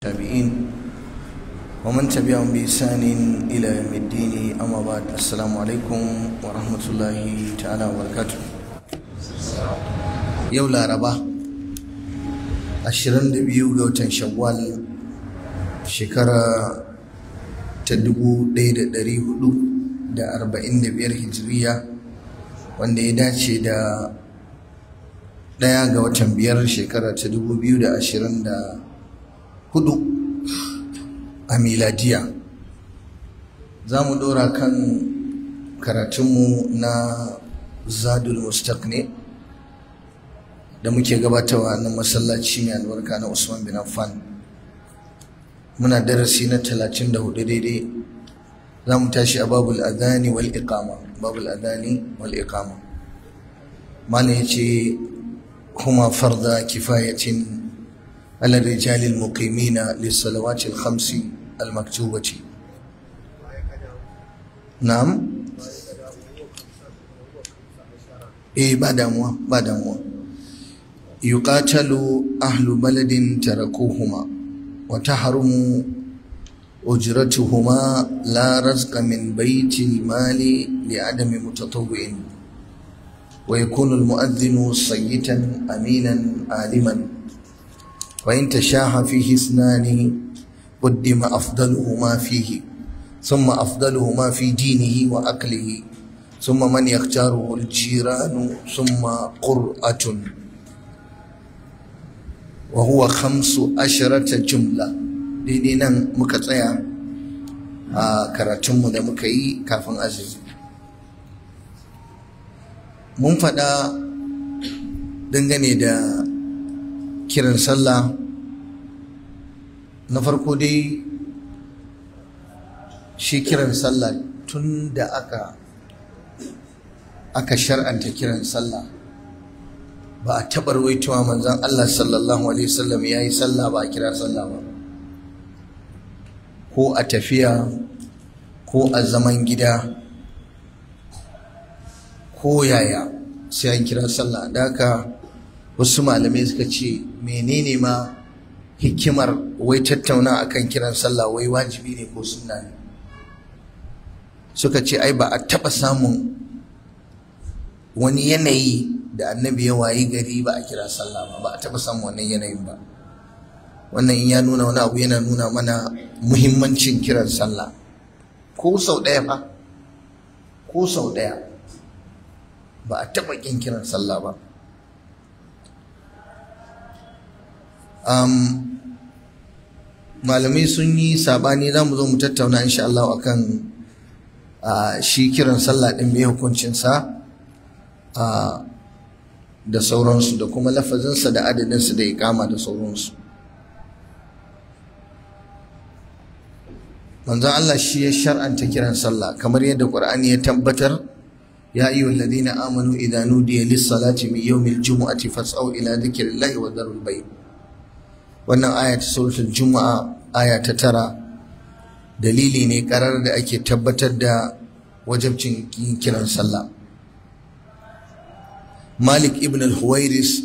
التابعين ومن تبعهم بإحسان إلى يوم الدين أما بعد السلام عليكم ورحمة الله تعالى وبركاته يو لاربا ashirin da biyu ga watan shawwal shekara ta dubu ɗaya da ɗari hudu da arba'in da biyar hijiriya wanda ya dace da ɗaya ga watan biyar shekara ta dubu biyu da ashirin da hudu a miladiya za mu dora kan karatunmu na zadul mustaq ne da muke gabatawa na masallaci mai albarka na usman bin affan muna darasi na talatin da hudu daidai za mu tashi a babul adani wal iqama babul adani wal iqama malam yace kuma farda kifayatin على الرجال المقيمين للصلوات الخمس المكتوبة نعم إيه بعد أموة بعد أموة يقاتل أهل بلد تركوهما وتحرم أجرتهما لا رزق من بيت المال لعدم متطوع ويكون المؤذن صيتا أمينا عالما وإن تشاح فيه اثنان قدم أفضلهما فيه ثم أفضلهما في دينه وأكله ثم من يختاره الجيران ثم قرأة وهو خمس عشرة جملة لدينا مكتايا آه كراتم مكي كافن أزيز mun faɗa dangane da kiran sallah na farko dai shi kiran sallah tun da aka aka shar'anta kiran sallah ba a taɓa ruwaitowa manzon Allah sallallahu alaihi wasallam ya yi sallah ba a kira sallah ba ko a tafiya ko a zaman gida ko yaya sai an kira sallah da haka wasu malamai suka ce menene ma hikimar wai tattauna akan kiran sallah wai wajibi ne ko suna ne suka ce ai ba a taba samun wani yanayi da annabi ya wayi gari ba a kira sallah ba ba a taɓa samun wannan yanayin ba wannan ya nuna wani abu yana nuna mana muhimmancin kiran sallah ko sau ɗaya ba, ko sau ɗaya ba a taɓa ƙin kiran sallah ba malamai sun yi sabani za mu zo mu tattauna insha Allah akan shi kiran sallah ɗin mai hukuncinsa da sauransu da kuma lafazinsa da adadinsa da ikama da sauransu manzon Allah shi ya shar'anta kiran sallah kamar yadda ƙwar'ani ya tabbatar ya yi wa ladina amanu idanu da ya lissa lati mai yau min yawmil jumu'ati fas'au ila dhikrillahi wa dharul bayt wannan aya ta juma'a aya ta tara dalili ne karar da ake tabbatar da wajabcin yin kiran sallah malik ibn al-huwairis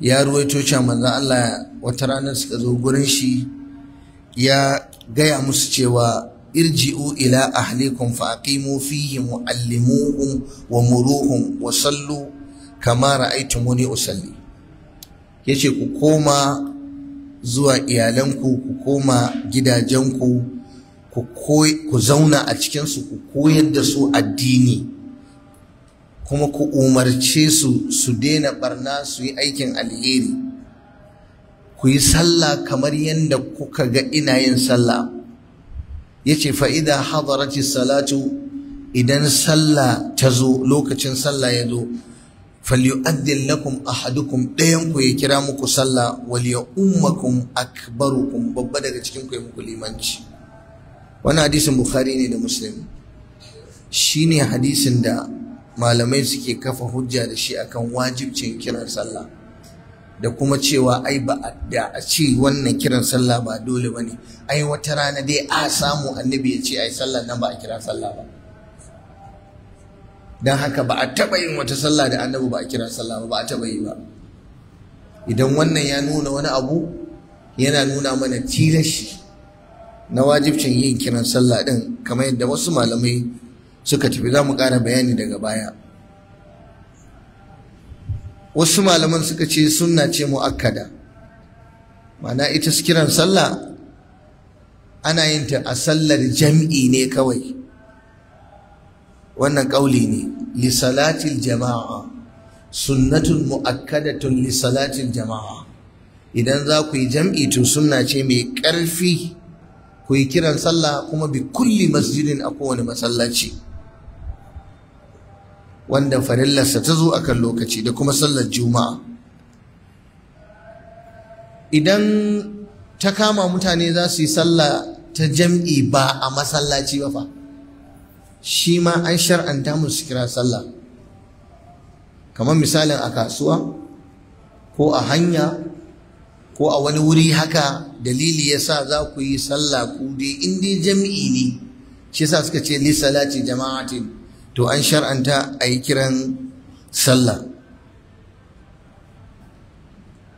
ya ruwaito cewa manzon Allah wata ranar suka zo gurin shi ya gaya musu cewa irji'u ila ahlikum fa aqimu fihi muallimuhum wa muruhum wa sallu kama ra'aytumuni usalli yace ku koma zuwa iyalanku ku koma gidajenku ku zauna a cikinsu ku koyar da su addini kuma ku umarce su su daina barna su yi aikin alheri ku yi sallah kamar yadda kuka ga ina yin sallah ya ce fa'ida hadarati salatu idan sallah ta zo lokacin sallah ya zo falyu'addin lakum ahadukum ɗayan ku ya kira muku sallah wal ya akbarukum babba daga cikin ku ya muku limanci Wani hadisin bukhari ne da muslim shine hadisin da malamai suke kafa hujja da shi akan wajibcin kiran sallah da kuma cewa ai ba da a ce wannan kiran sallah ba dole bane ai wata rana dai a samu annabi ya ce ai sallah nan ba a kira sallah ba don haka ba a taba yin wata sallah da annabi ba a kira sallah ba ba a taɓa yi ba idan wannan ya nuna wani abu yana nuna mana tilashi na wajibcin yin kiran sallah din, kamar yadda wasu malamai suka tafi za mu ƙara bayani daga baya wasu malaman suka ce sunna ce mu'akkada ma'ana ita su kiran sallah ana yin ta a sallar jam'i ne kawai wannan ƙauli ne lisalatil jama'a sunnatun mu'akkadatun lisalatil jama'a idan za ku yi jam'i to sunna ce mai ƙarfi ku yi kiran sallah kuma bi kulli masjidin a kowane masallaci wanda farillarsa ta zo a kan lokaci da kuma sallar juma'a idan ta kama mutane za su yi sallah ta jam'i ba a masallaci ba fa shi ma an shar'anta musu kira sallah kamar misalin a kasuwa ko a hanya ko a wani wuri haka dalili ya sa za ku yi sallah ku dai in dai jam'i ne shi sa suka ce li salati jama'atin to an shar'anta a yi kiran sallah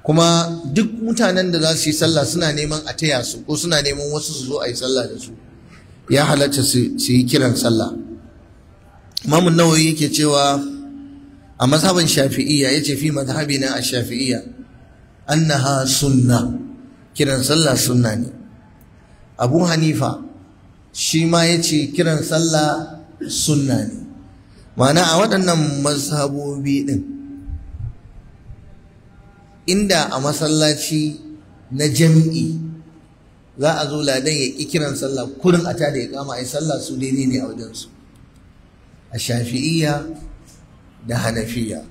kuma duk mutanen da za su yi sallah suna neman a taya su ko suna neman wasu su zo a yi sallah da su ya halatta su yi kiran sallah mamun Nawawi yake cewa a mazhaban Shafi'iyya ce fi mazhabina a shafiiyya annaha sunna kiran sallah sunna ne Abu Hanifa shi ma ya ce kiran sallah sunna ne ma'ana a waɗannan mazhabobi ɗin inda a masallaci na jam'i za a zo ladan ya ƙi kiran sallah kurin a tada ya kama ai sallah su daidai ne a wajensu a shafi'iyya da hanafiya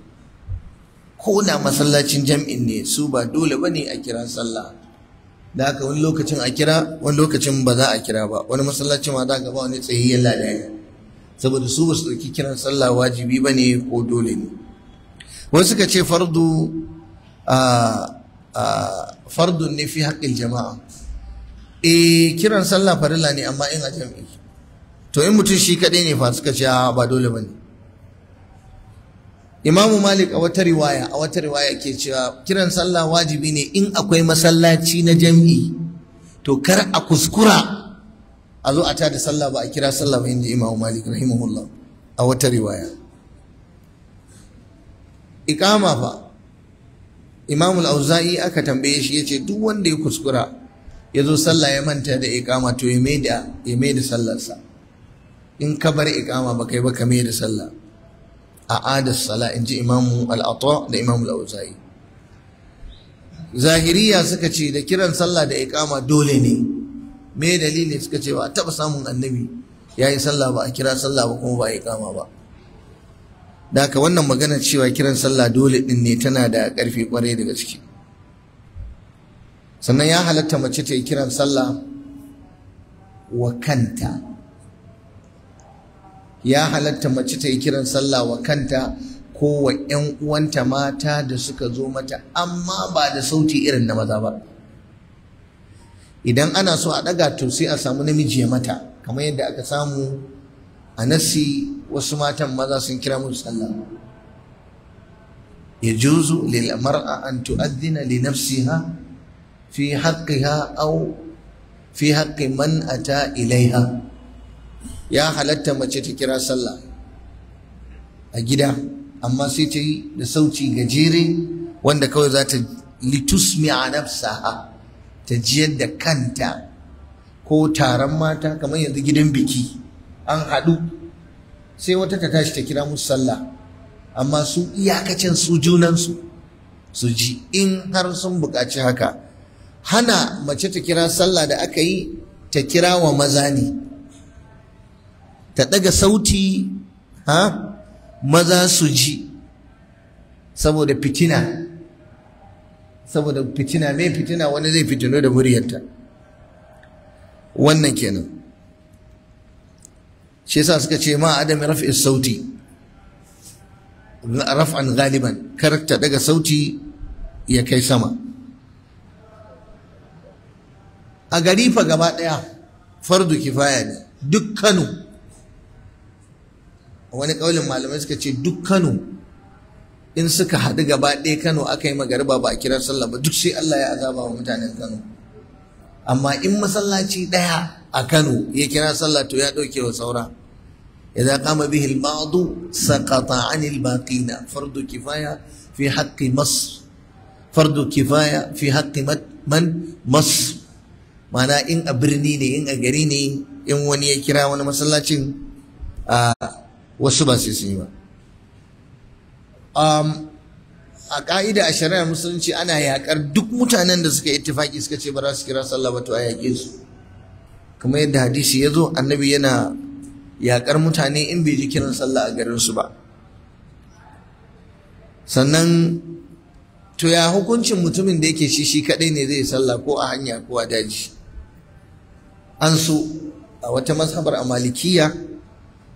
ko na masallacin jam'in ne su ba dole ba ne a kira sallah da haka wani lokacin a kira wani lokacin ba za a kira ba wani masallacin ma za ka ba wani tsayayyen ladani saboda su ba su ɗauki kiran sallah wajibi ba ne ko dole ne wasu suka ce fardu a fardun ne fi haƙƙin jama'a e kiran sallah farilla ne amma in a jam'i to in mutum shi kaɗai ne fa suka ce ba dole ba ne imamu malik a wata riwaya a wata riwaya ke cewa kiran sallah wajibi ne in akwai masallaci na jami'i. to kar a kuskura a zo a tada sallah ba a kira sallah ba inji imamu malik rahimahullah a wata riwaya ikama fa al auza'i aka tambaye shi yace duk wanda ya kuskura ya zo sallah ya manta da ikama to ya mai da sallarsa in ka bar ikama ba kai ba ka mai da sallah a adar sala in ji imamu al'ata da imamu al'auza'i zahiriya suka ce da kiran sallah da ikama dole ne me dalili suka ce ba taɓa samun annabi ya yi sallah ba a kira sallah ba kuma ba a ikama ba da haka wannan magana cewa kiran sallah dole din ne tana da karfe kwarai daga ciki sannan ya halatta mace ta yi kiran sallah wa kanta ya halatta mace ta yi kiran sallah wa kanta ko wa 'yan uwanta mata da suka zo mata amma ba da sauti irin na maza ba idan ana so a ɗaga to sai a samu namiji ya mata kamar yadda aka samu a nasi wasu matan maza sun kira musu sallah ya juzu lil mar'a an tu'addina li nafsiha fi haqqiha aw fi haqqi man ilaiha ya halatta mace ta kira sallah a gida amma sai ta yi da sauci gajere wanda kawai za ta litusmi'a nafsaha ta jiyar da kanta ko taron mata kamar yanzu gidan biki an haɗu sai wata ta tashi ta kira musu sallah amma su iyakacin su junansu su ji in har sun buƙaci haka hana mace ta kira sallah da aka yi ta kira wa maza ne ta ɗaga sauti ha maza su ji saboda fitina saboda fitina mai fitina wani zai fitino da muryarta wannan kenan shi yasa suka ce ma adam rafi'is sauti raf'an galiban kar ta daga sauti ya kai sama a gari fa gaba ɗaya fardu kifaya ne duk Kano wani ƙaulin malamai suka ce duk Kano in suka haɗu gaba ɗaya Kano aka yi magariba ba a kira sallah ba duk sai Allah ya azaba wa mutanen Kano amma in masallaci ɗaya a Kano ya kira sallah to ya ɗauke wa saura إذا قام به البعض سقط عن الباقين Fardu kifaya fi حق مصر Fardu kifaya fi حق man مصر mana in a birni ne in a gari ne in wani ya kira wani masallacin a wasu ba sai sun yi ba um, a ka'ida a shari'ar musulunci ana yakar duk mutanen da suka ittifaki suka ce ba za su kira sallah ba to a yaƙe su kamar yadda hadisi ya zo annabi yana yakar mutane in bai ji kiran sallah a garinsu ba sannan to ya hukuncin mutumin da yake shi shi kaɗai ne zai sallah ko a hanya ko a daji an so a wata mazhabar a malikiya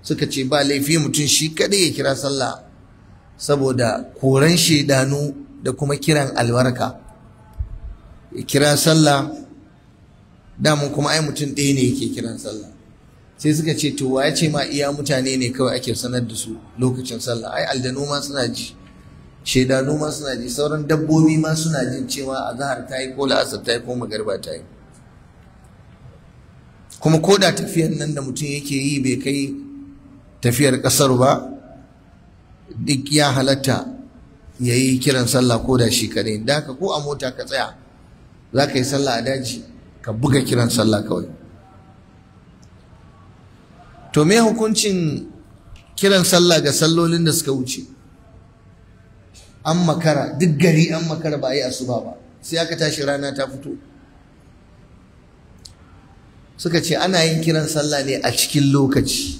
suka ce ba laifi mutum shi kadai ya kira sallah saboda koran shaidanu da kuma kiran albarka ya kira sallah damun kuma ai mutum ɗaya ne yake kiran sallah sai suka ce to ya ce ma iya mutane ne kawai ake sanar da su lokacin sallah ai aldanu ma suna ji shaidanu ma suna ji sauran dabbobi ma suna jin cewa azahar ta yi ko la'asar ta yi ko magarba ta yi kuma ko da tafiyar nan da mutum yake yi bai kai tafiyar ƙasar ba duk ya halatta ya yi kiran sallah ko da shi kaɗai da haka ko a mota ka tsaya za ka yi sallah a daji ka buga kiran sallah kawai to me hukuncin kiran sallah ga sallolin da suka wuce an makara duk gari an makara ba a yi asuba ba sai aka tashi rana ta fito suka ce ana yin kiran sallah ne a cikin lokaci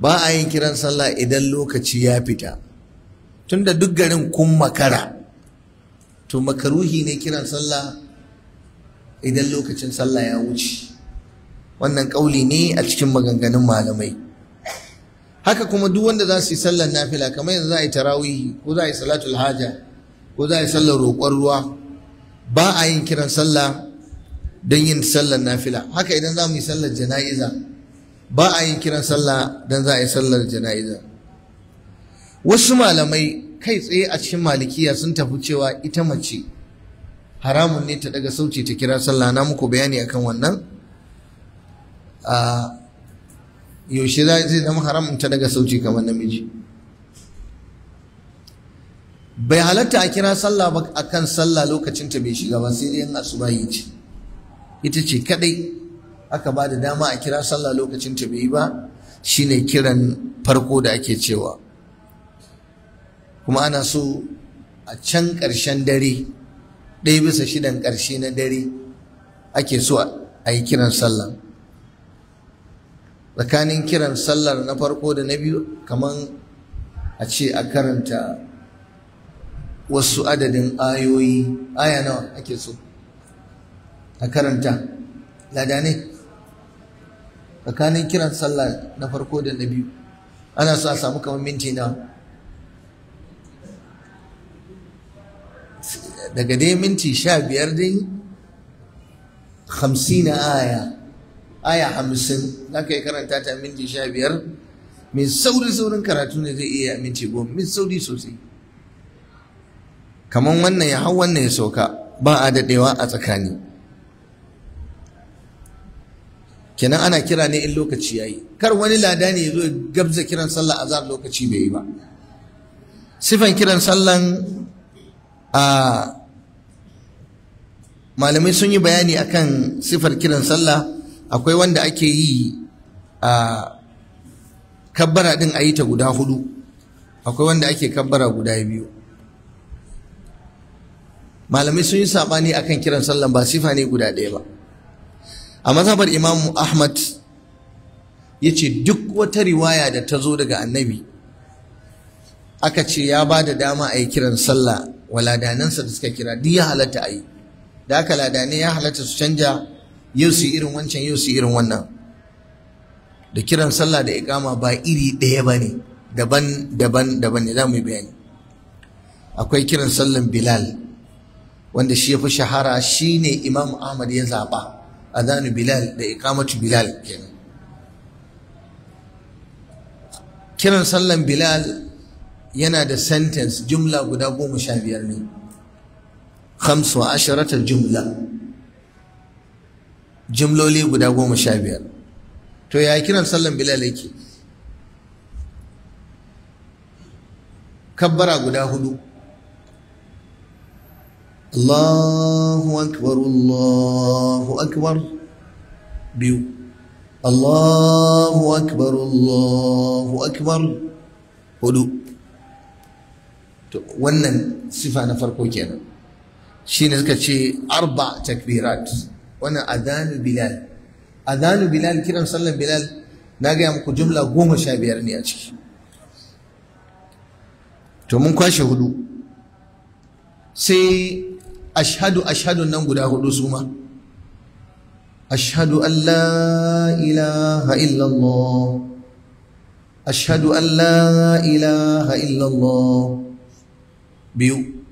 ba a yin kiran sallah idan lokaci ya fita tunda duk garin kun makara to makaruhi ne kiran sallah idan lokacin sallah ya wuce wannan ƙauli ne a cikin maganganun malamai haka kuma duk wanda za su yi sallar nafila kamar yanzu za a yi tarawihi ko za a yi salatul haja ko za a yi sallar roƙon ruwa ba a yin kiran sallah don yin sallar nafila haka idan za mu yi sallar jana'iza ba a yi kiran sallah don za a yi sallar jana'iza wasu malamai kai tsaye a cikin malikiya sun tafi cewa ita mace haramun ne ta daga sauci ta kira sallah na muku bayani akan wannan a yaushe zai zama haramun ta daga sauci kamar namiji bai halatta a kira sallah ba akan sallah lokacin ta bai shiga ba sai dai in asuba yi ce ita ce kadai aka ba da dama a kira sallah lokacin ta bai yi ba shine kiran farko da ake cewa kuma ana so a can ƙarshen dare ɗaya bisa shidan ƙarshe na dare ake so a yi kiran sallah tsakanin kiran sallar na farko da na biyu kamar a ce a karanta wasu adadin ayoyi aya nawa ake so a karanta lada ne tsakanin kiran sallah na farko da na biyu ana so a samu kamar minti na daga dai minti sha biyar dai hamsin na aya aya hamsin za ka yi karanta ta minti sha biyar mai sauri saurin karatu ne zai iya minti goma mai sauri sosai kamar wannan ya hau wannan ya sauka ba a daɗewa a tsakani kenan ana kira ne in lokaci yayi kar wani lada ne ya zo ya gabza kiran sallah azhar lokaci bai yi ba sifan kiran sallan a malamai sun yi bayani akan sifar kiran sallah akwai wanda ake yi a kabbara din a yi ta guda hudu akwai wanda ake kabbara guda biyu malamai sun yi saɓani akan kiran sallan ba sifa ne guda ɗaya ba a mazhabar imam ahmad ya ce duk wata riwaya da ta zo daga annabi aka ce ya ba da dama a yi kiran sallah wa ladanansa da suka kira duk ya halatta a yi da aka ladane ya halatta su canja yau su irin wancan yau su irin wannan da kiran sallah da ikama ba iri ɗaya ba ne daban daban daban ne za mu yi bayani akwai kiran sallan bilal wanda shi ya fi shahara ne imam ahmad ya zaɓa adhanu bilal da Ikamatu bilal kenan kiran sallan bilal yana da sentence jumla guda goma sha biyar ne khamsu asharata jumla jumloli guda goma sha biyar to ya kiran sallan bilal yake kabbara guda hudu Allahu akbar Allahu akbar biyu Allahu akbar Allahu akbar hudu to wannan sifa na farko kenan Shi ne suka ce arba takbirat wannan adhanu bilal adhanu bilal kiran sallan bilal na gaya muku jumla goma sha biyar ne a ciki to mun kwashe hudu sai Ashadu ashadu nan guda hudu su ma ashhadu an la ilaha illallah ashadu an la ilaha illallah biyu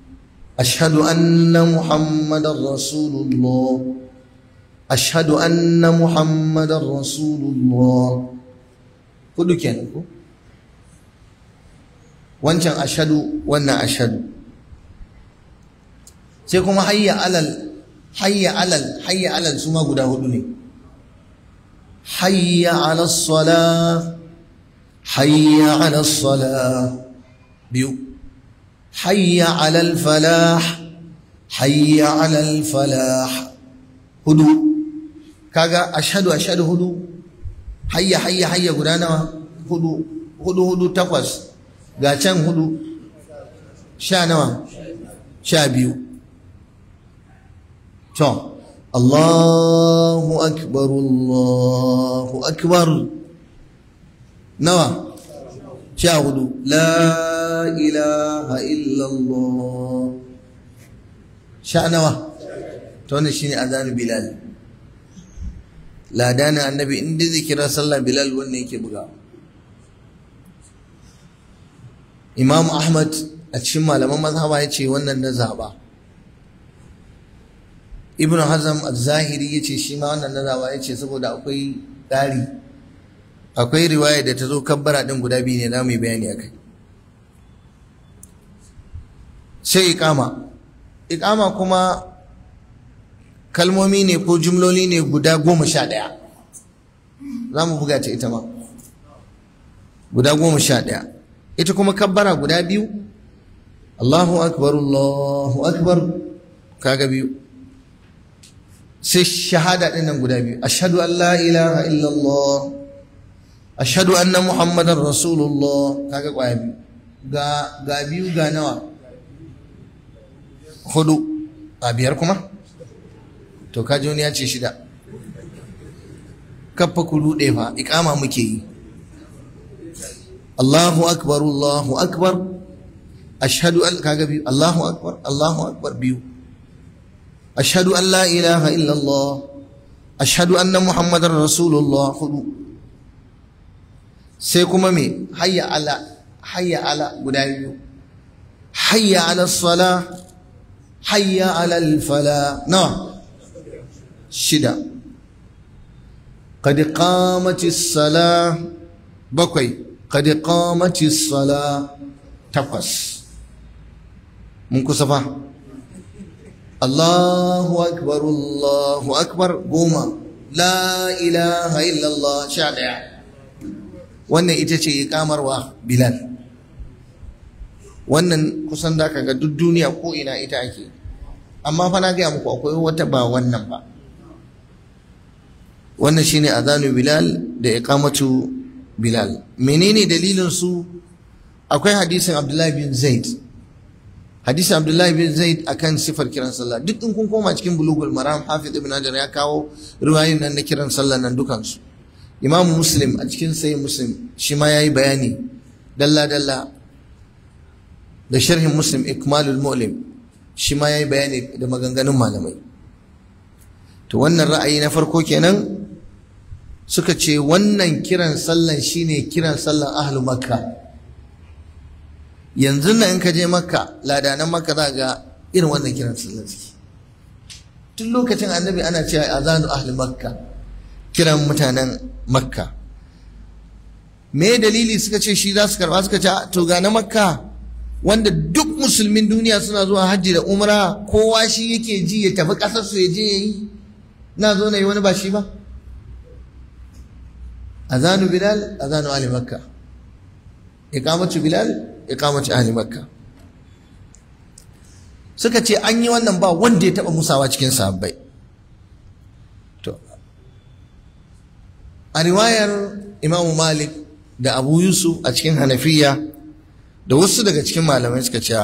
ashadu anna muhammadar rasulullah ashadu anna muhammadar rasulullah hudu kenan ko wancan ashadu wannan ashadu. sai kuma hayya alal hayya alal hayya alal su ma guda hudu ne hayya ala sala hayya ala sala biyu hayya ala falah hayya ala falah hudu kaga ashadu ashadu hudu hayya hayya hayya guda nawa hudu hudu hudu takwas ga can hudu sha nawa sha biyu to Allahu akbar Allahu akbar nawa sha hudu la ilaha illallah sha nawa to wannan shine azanu bilal ladana annabi in dai zikira sallah bilal wannan yake buga imam ahmad a cikin malaman mazhaba ya ce wannan na zaba ibn hazm az-zahiri yace shi ma wannan nazawa yace saboda akwai tsari akwai riwaya da ta zo kabbara din guda biyu ne zamu yi bayani akai sai iqama iqama kuma kalmomi ne ko jumloli ne guda goma sha ɗaya za mu buga ta ita ma guda goma sha ɗaya ita kuma kabbara guda biyu Allahu akbar Allahu akbar kaga biyu sai shahada ɗin nan guda biyu Ashadu an la ilaha illallah Ashadu anna muhammadan rasulullah kaga kwaya biyu ga ga biyu ga nawa hudu a biyar kuma to kaji wani ya ce shida kafa ku rude fa ikama muke yi Allahu akbar Allahu akbar ashhadu an kaga biyu Allahu akbar Allahu akbar biyu ashhadu an la ilaha illallah ashhadu anna muhammadar rasulullah hudu sai kuma me hayya ala hayya ala guda biyu hayya ala sala hayya ala fala na shida qad qamatis sala bakwai qad qamatis sala takwas mun kusa Allahu akbar Allahu akbar goma la ilaha illallah sha ɗaya wannan ita ce ikamarwa bilal wannan kusan da ka ga duk duniya ko ina ita ake amma fa na gaya muku akwai wata ba wannan ba wannan shine azanu bilal da iqamatu bilal menene dalilin su akwai hadisin abdullahi bin zaid hadisi abdullahi bin zaid akan sifar kiran sallah duk in kun koma cikin bulugul maram hafiz ibn hajar ya kawo riwayoyin nan na kiran sallah nan dukansu Imam muslim a cikin sai muslim shi ma yayi bayani dalla dalla da sharhin muslim ikmalul mu'lim shi ma yayi bayani da maganganun malamai to wannan ra'ayi na farko kenan suka ce wannan kiran sallan shine kiran sallan ahlu makka yanzu nan in ka je makka ladanan makka za ga irin wannan kiran sallar ciki tun lokacin annabi ana cewa azanu ahli makka kiran mutanen makka me dalili suka ce shi za su karba suka ce to ga na makka wanda duk musulmin duniya suna zuwa hajji da umra kowa shi yake ji ya tafi kasar su ya je yi na zo na yi wani ba shi ba azanu bilal azanu ali makka iqamatu bilal iqamati ahli makka suka ce an yi wannan ba wanda ya taba musawa cikin sahabbai to a riwayar imamu malik da abu yusuf a cikin hanafiya da wasu daga cikin malamai suka ce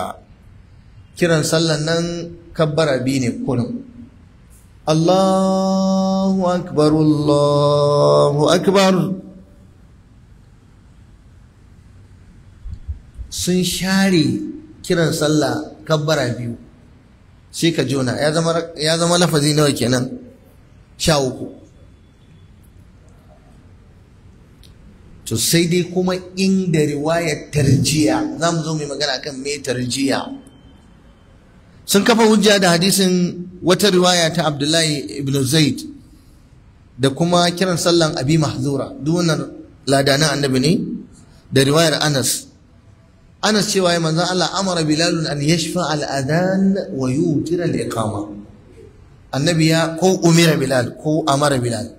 kiran sallan nan kabbara biyu ne kullum Allahu akbar Allahu akbar sun share kiran sallah kabbara biyu sai ka jona ya zama lafazi nawa kenan sha uku to sai dai kuma inda riwayar tarjiya za mu zo mai magana kan me tarjiya sun kafa hujja da hadisin wata riwaya ta abdullahi ibn zaid da kuma kiran sallan abi mahzura duk wannan ladana annabi ne da riwayar anas ana cewa ya manzan Allah amara bilalun an yashfa al'adan wa yutira al'iqama annabi ya ko umira bilal ko amara bilal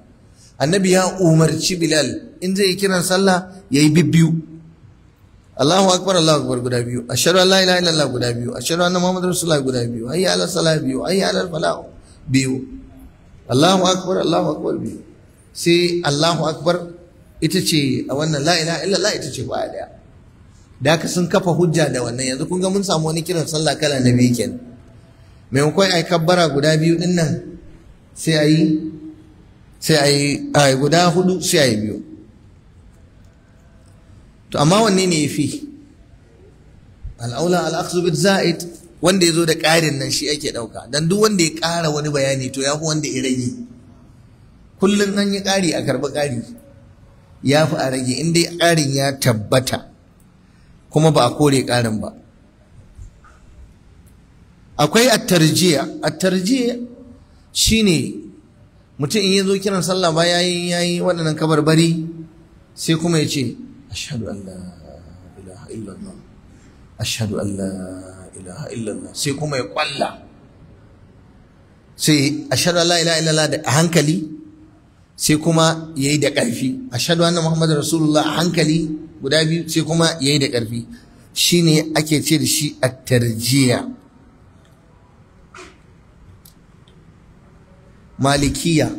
annabi ya umarci bilal in zai yi kiran sallah yayi bibbiyu Allahu akbar Allahu akbar guda biyu ashhadu an la ilaha illallah guda biyu ashhadu anna muhammadar rasulullah guda biyu hayya ala salah biyu hayya ala falah biyu Allahu akbar Allahu akbar biyu sai Allahu akbar ita ce a wannan la ilaha illallah ita ce baya daya da haka sun kafa hujja da wannan yanzu kun ga mun samu wani kiran sallah kala na biyu kenan maimakon ai kabbara guda biyu din nan sai ayi sai ayi guda hudu sai ayi biyu to amma wanne ne yafi al'aula al'akhdhu za'id wanda yazo da karin nan shi ake ɗauka dan duk wanda ya kara wani bayani to ya fi wanda ya rage kullum an yi kari a karɓi ƙari ya a rage in dai ƙarin ya tabbata kuma ba a kore ƙarin ba akwai attarjiya attarjiya shine mutum in ya zo kiran sallah ba yayi yayi waɗannan kabarbari sai kuma ya ce ashadu allah la ilaha illallah ashadu Allah, ila ilaha illallah sai kuma ya kwalla sai ashadu Allah, ila ilaha illallah da hankali sai kuma ya yi da ƙarfi A shaɗu anna muhammadu rasulullah a hankali guda biyu sai kuma ya yi da ƙarfi shi ne ake ce da shi a tarjiya malikiya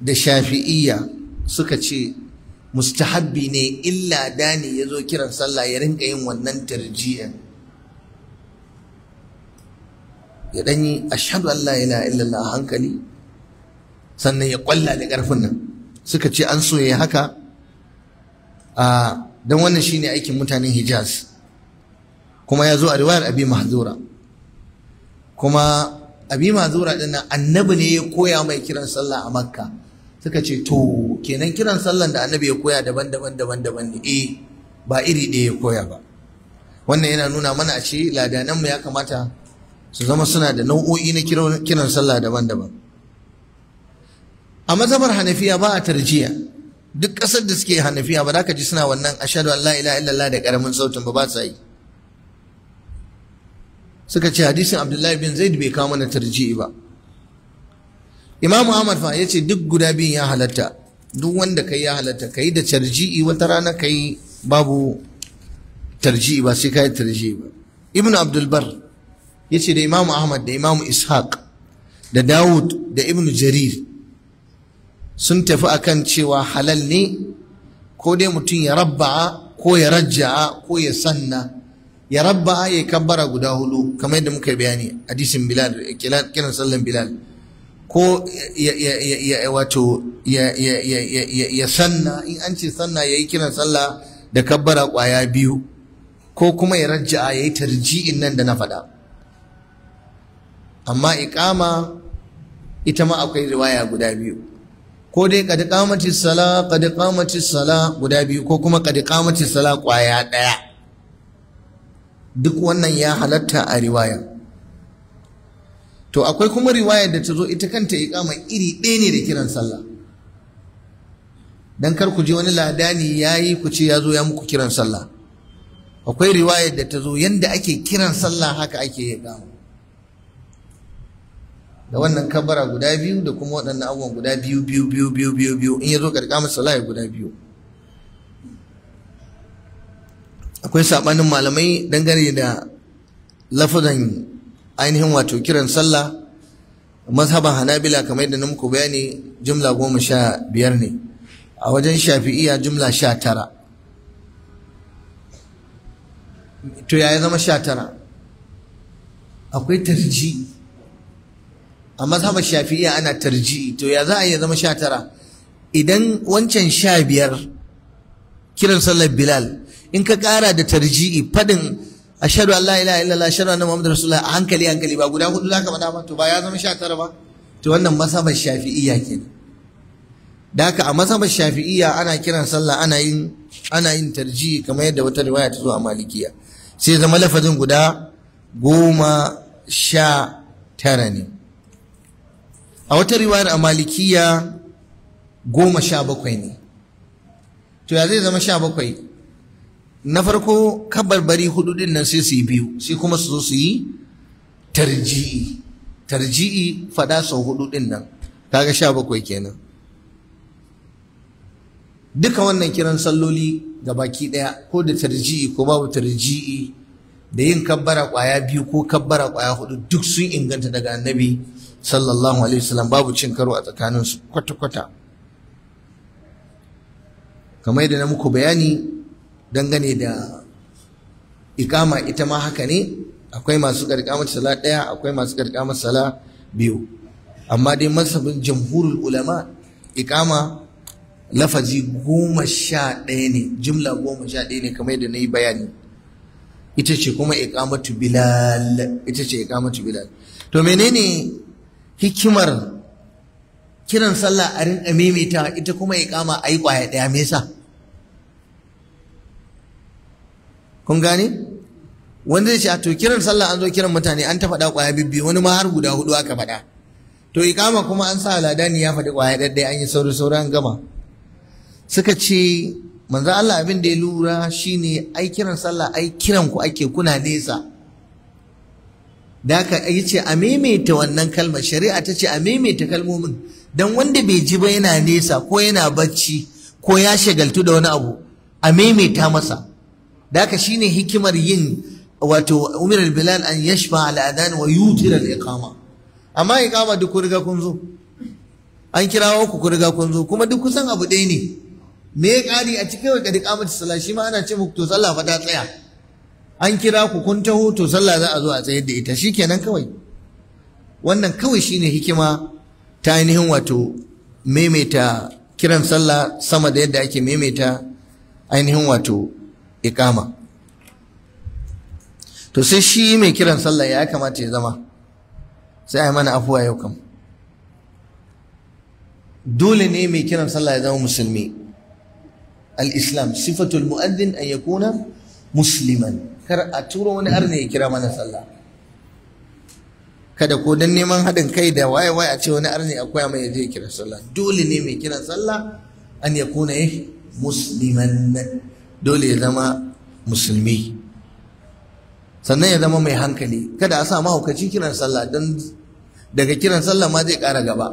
da shafi'iya suka ce mustahabbi ne illa dani ya zo kiran sallah ya rinka yin wannan tarjiyan ya ɗanyi shaɗu Allah yana illallah a hankali sannan ya kwalla da ƙarfin nan suka ce an so ya haka a don wannan shine aikin mutanen hijaz kuma ya zo a riwayar abi mahzura kuma abi mahzura din nan annabi ne ya koya mai kiran sallah a makka suka ce to kenan kiran sallan da annabi ya koya daban-daban daban-daban ne eh ba iri ɗaya ya koya ba wannan yana nuna mana a ce ladananmu ya kamata su zama suna da nau'o'i na kiran sallah daban-daban a mazhabar hanafiya ba a tarjiya duk ƙasar da suke hanafiya ba za ka ji suna wannan ashadu an la ilaha illallah da ƙaramin sautin ba ba sa yi suka ce hadisin abdullahi bin zaid bai kawo mana tarji'i ba imam ahmad fa ya ce duk guda biyun ya halatta duk wanda kai ya halatta kai da tarji'i wata rana kai babu tarji'i ba sai kai tarji'i ba ibnu abdul bar ya ce da imam ahmad da imam ishaq da dawud da ibnu jarir sun tafi a kan cewa halal ne ko dai mutum ya rabba'a ko ya rajja ko ya sanna ya rabba'a ya kabbara guda hudu kamar yadda muka bayani hadisin bilal kiran sallan bilal ko ya wato ya sanna in an ce sanna ya yi kiran sallah da kabbara kwaya biyu ko kuma ya rajja ya yi tarji'in nan da na faɗa amma iƙama ita ma akwai riwaya guda biyu ko dai qad qamati sala qad qamati sala guda biyu ko kuma qad qamati sala kwaya daya duk wannan ya halatta a riwaya to akwai kuma riwayar da ta zo ita kanta iqama iri ɗaya ne da kiran sallah dan kar ku ji wani ladani yayi ku ce ya zo ya muku kiran sallah akwai riwayar da ta zo yanda ake kiran sallah haka ake iqama da wannan kabara guda biyu da kuma waɗannan abubuwan guda biyu biyu biyu biyu biyu biyu in ya zo karkamar sallah guda biyu akwai saɓanin malamai dangane da lafazan ainihin wato kiran sallah mazhaban hanabila kamar yadda muku bayani jumla goma sha biyar ne a wajen shafi'iya jumla sha tara to ya zama sha tara akwai tarji a mazhabar shafi'iyya ana tarji'i to ya za a iya zama sha tara idan wancan sha biyar kiran sallar bilal in ka kara da tarji'i fadin ashhadu an la ilaha illallah ashhadu anna muhammadar rasulullah a hankali hankali ba guda hudu zaka faɗa ba to ba ya zama sha tara ba to wannan mazhabar shafi'iyya kenan da haka a mazhabar shafi'iyya ana kiran sallah ana yin ana yin tarjihi kamar yadda wata riwaya ta zo a malikiya sai zama lafazin guda goma sha tara ne a wata riwayar a malikiya goma sha bakwai ne to ya zai zama sha bakwai na farko kabarbari hudu din nan sai su yi biyu sai kuma su zo su yi tarji'i tarji'i faɗa sau hudu din nan kaga sha bakwai kenan duka wannan kiran salloli ga baki ɗaya ko da tarji'i ko babu tarji'i da yin kabbara kwaya biyu ko kabbara kwaya hudu duk sun inganta daga annabi sallallahu alaihi wasallam babu cin karo a tsakanin su kwata-kwata kamar yadda na muku bayani dangane da ikama ita ma haka ne akwai masu karkamar sala ɗaya akwai masu karkamar sala biyu amma dai masabin jamhurul ulama ikama lafazi goma sha ɗaya ne jimla goma sha ɗaya ne kamar yadda na yi bayani ita ce kuma ikamatu bilal ita ce ikamatu bilal to menene hikimar kiran sallah a rinka maimaita ita kuma ya kama a yi kwaya ɗaya me sa kun gane wanda zai ce a to kiran sallah an zo kiran mutane an ta faɗa kwaya bibbi wani ma har guda hudu aka faɗa to ikama kuma an sa ni ya faɗi kwaya ɗaya an yi sauri sauri an gama suka ce manzo Allah abin da ya lura shine ai kiran sallah ai kiran ku ake kuna nesa da haka ce a maimaita wannan kalmar shari'a ta ce a maimaita kalmomin don wanda bai ji ba yana nesa ko yana bacci ko ya shagaltu da wani abu a maimaita masa da shi shine hikimar yin wato umar bilal an yashfa al adan wa yutir al amma ikama duk riga kun zo an kirawo ku riga kun zo kuma duk kusan abu ɗaya ne me ya ƙari a cikin wa kadi qamatu salah shi ma ana ce muku to sallah fa ta tsaya an kira ku kun taho to sallah za a zo a tsayar da ita shikenan kawai wannan kawai shine hikima ta ainihin wato maimaita kiran sallah sama da yadda ake maimaita ainihin wato ikama to sai shi mai kiran sallah ya kamata ya zama sai a yi mana afuwa yau kam dole ne mai kiran sallah ya zama musulmi al-islam sifatul mu'addin an yakuna musliman kar a turo wani arzi ya kira mana sallah kada ko dan neman haɗin kai da waye waye a ce wani arzi akwai koya mai ya kira sallah dole ne mai kira sallah an ya kuna yi eh, musliman dole ya zama musulmi sannan ya zama mai hankali kada a sa mahaukaci kiran sallah don daga kiran sallah ma zai ƙara gaba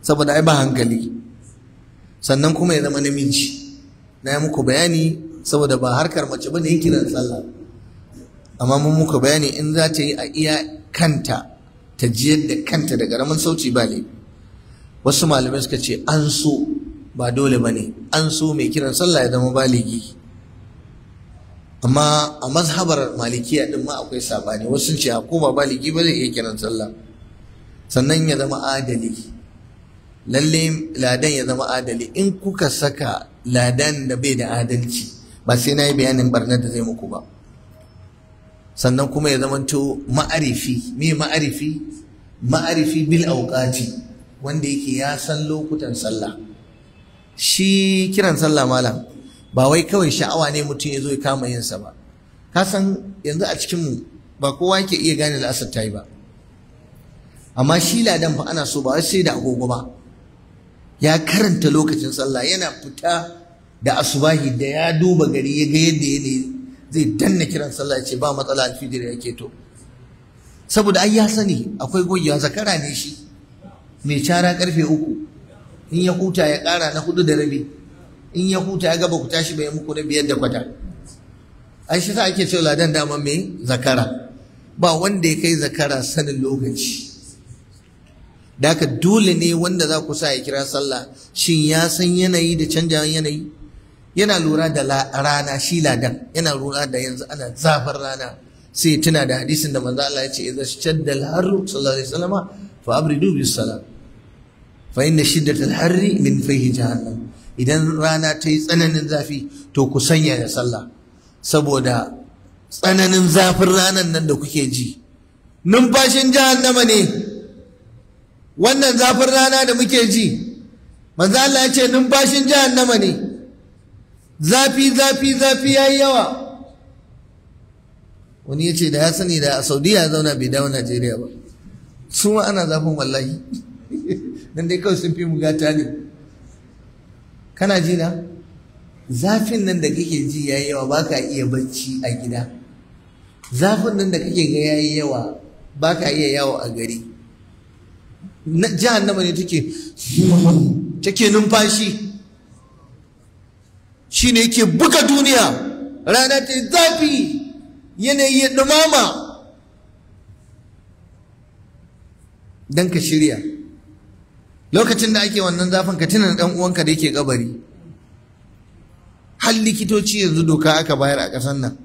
saboda ai ba hankali sannan kuma ya zama namiji na yi muku bayani saboda ba harkar mace ba ne kiran sallah amma mun muka bayani in za ta yi a iya kanta ta jiyar da kanta da karamin sauci ba ne wasu malamai suka ce an so ba dole ba ne an so mai kiran sallah ya zama baligi amma a mazhabar malikiya din ma akwai sabani wasu ce ko ba baligi ba zai iya kiran sallah sannan ya zama adali lalle ladan ya zama adali in kuka saka ladan da bai da adalci ba sai na yi bayanin barnar da zai muku ba sannan kuma ya zamanto ma'arifi me ma'arifi ma'arifi bil auqati wanda yake ya san lokutan sallah shi kiran sallah malam ba wai kawai sha'awa ne mutum ya zo ya kama yin sa ba ka san yanzu a cikin mu ba kowa yake iya gane la'asar ta yi ba amma shi ladan fa ana so ba sai da agogo ba ya karanta lokacin sallah yana fita da asubahi da ya duba gari ya ga yadda yanayi zai danna kiran sallah ya ce ba matsala alfijir ya keto saboda ai ya sani akwai gogewa zakara ne shi mai cara karfe uku in ya huta ya kara na hudu da rabi in ya huta ya gaba ku tashi bai muku na biyar da kwata ai shi sa ake cewa ladan dama mai zakara ba wanda ya kai zakara sanin lokaci da dole ne wanda za ku sa ya kira sallah shin ya san yanayi da canjawan yanayi yana lura da rana shi ladan yana lura da yanzu ana zafin rana sai tuna da hadisin da manzo Allah ya ce idza shadda al-harru sallallahu alaihi wasallama fa abridu bis salam fa inna shiddat al-harri min fihi jahannam idan rana ta yi tsananin zafi to ku sanya da sallah saboda tsananin zafin ranar nan da kuke ji numfashin jahannama ne wannan zafin rana da muke ji manzo Allah ya ce numfashin jahannama ne zafi zafi zafi ya yi yawa wani ya ce da ya sani da a saudiya ya zauna bai dawo najeriya ba su ma ana zafin wallahi Nan dai kawai sun fi mu gata ne kana ji na zafin nan da kake ji ya yi yawa ba ka iya bacci a gida zafin nan da kake ga yi yawa ba ka iya yawo a gari nama ne take take numfashi shi ne yake buga duniya rana ta yi zafi yanayi ya dumama Don ka shirya lokacin da ake wannan zafin ka tuna dan uwanka da yake kabari har likitoci yanzu doka aka bayar a ƙasar nan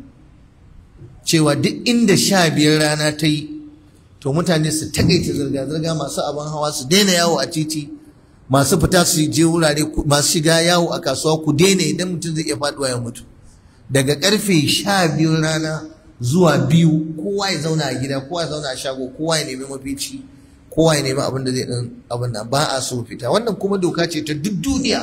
cewa duk inda sha biyar rana ta yi to mutane su taƙaita zirga-zirga masu abin hawa su daina yawo a titi masu fita su je wurare masu shiga yawo a kasuwa ku daina idan mutum zai iya faduwa ya mutu daga karfe sha biyu rana zuwa biyu kowa ya zauna a gida kowa ya zauna a shago kowa ya nemi mafici kowa ya nemi abin da zai dan abin da ba a so fita wannan kuma doka ce ta duk duniya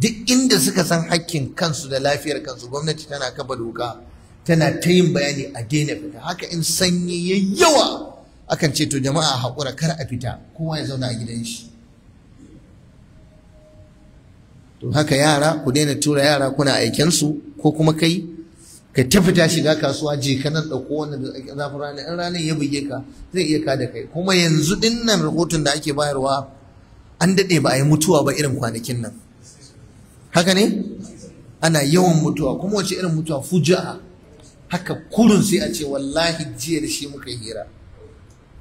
duk inda suka san hakkin kansu da lafiyar kansu gwamnati tana kafa doka tana ta yin bayani a daina fita haka in sanyi ya yawa akan ce to jama'a haƙura kar a fita kowa ya zauna a gidan shi to haka yara ku daina tura yara kuna aiken su ko kuma kai ka tafita shiga kasuwa je ka nan dauko wannan zafin rana in ranar ya buge ka zai iya ka da kai kuma yanzu din nan rahoton da ake bayarwa an dade ba a yi mutuwa ba irin kwanakin nan haka ne ana yawan mutuwa kuma wace irin mutuwa fuja'a haka kurun sai a ce wallahi jiya da shi muka hira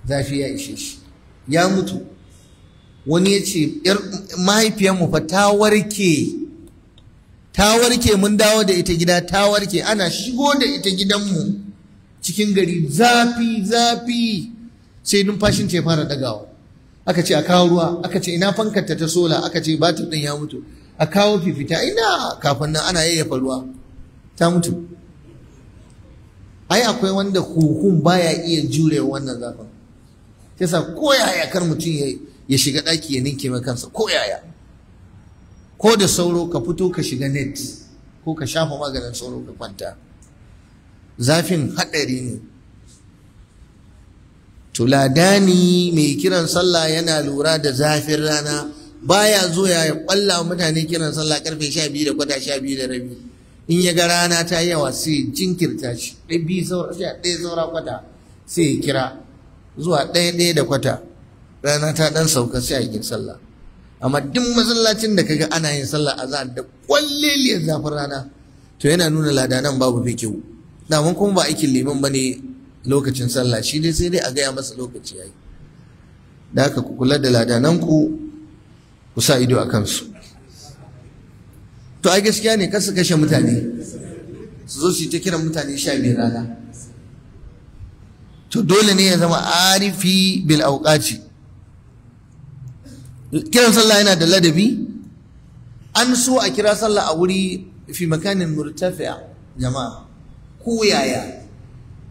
zafi ya ishe shi ya mutu wani ya ce mahaifiyarmu fa ta warke ta warke mun dawo da ita gida ta warke ana shigo da ita gidanmu cikin gari zafi zafi sai numfashin ce fara dagawa aka ce a kawo ruwa aka ce ina fankarta ta sola aka ce batir din ya mutu a kawo fifita ina kafin nan ana yayyafa ruwa ta mutu ai akwai wanda huhun baya iya jure wannan zafin yasa ko kar mutum ya yi ya shiga ɗaki ya ninke mai kansa ko yaya ko da sauro ka fito ka shiga net ko ka shafa maganin sauro ka kwanta zafin haɗari ne tuladani mai kiran sallah yana lura da zafin rana baya zo ya kwalla mutane kiran sallah karfe sha biyu da kwata sha biyu da rabi in ya ga rana ta yawa sai jinkirta shi ɗaya biyu saura kwata sai ya kira zuwa ɗaya ɗaya da kwata rana ta dan sauka sai a yi sallah amma duk masallacin da kaga ana yin sallah azan da kwalleliyar zafin rana to yana nuna ladanan babu fikihu da mun kuma ba aikin liman bane lokacin sallah shi dai sai dai a gaya masa lokaci yayi da haka ku kula da ladanan ku ku sa ido a kansu to ai gaskiya ne kasu kashe mutane su zo su ta kiran mutane sha biyar rana to dole ne ya zama arifi bil auqati kiran sallah yana da ladabi an so a kira sallah a wuri fi makanin murtafiya jama'a ko yaya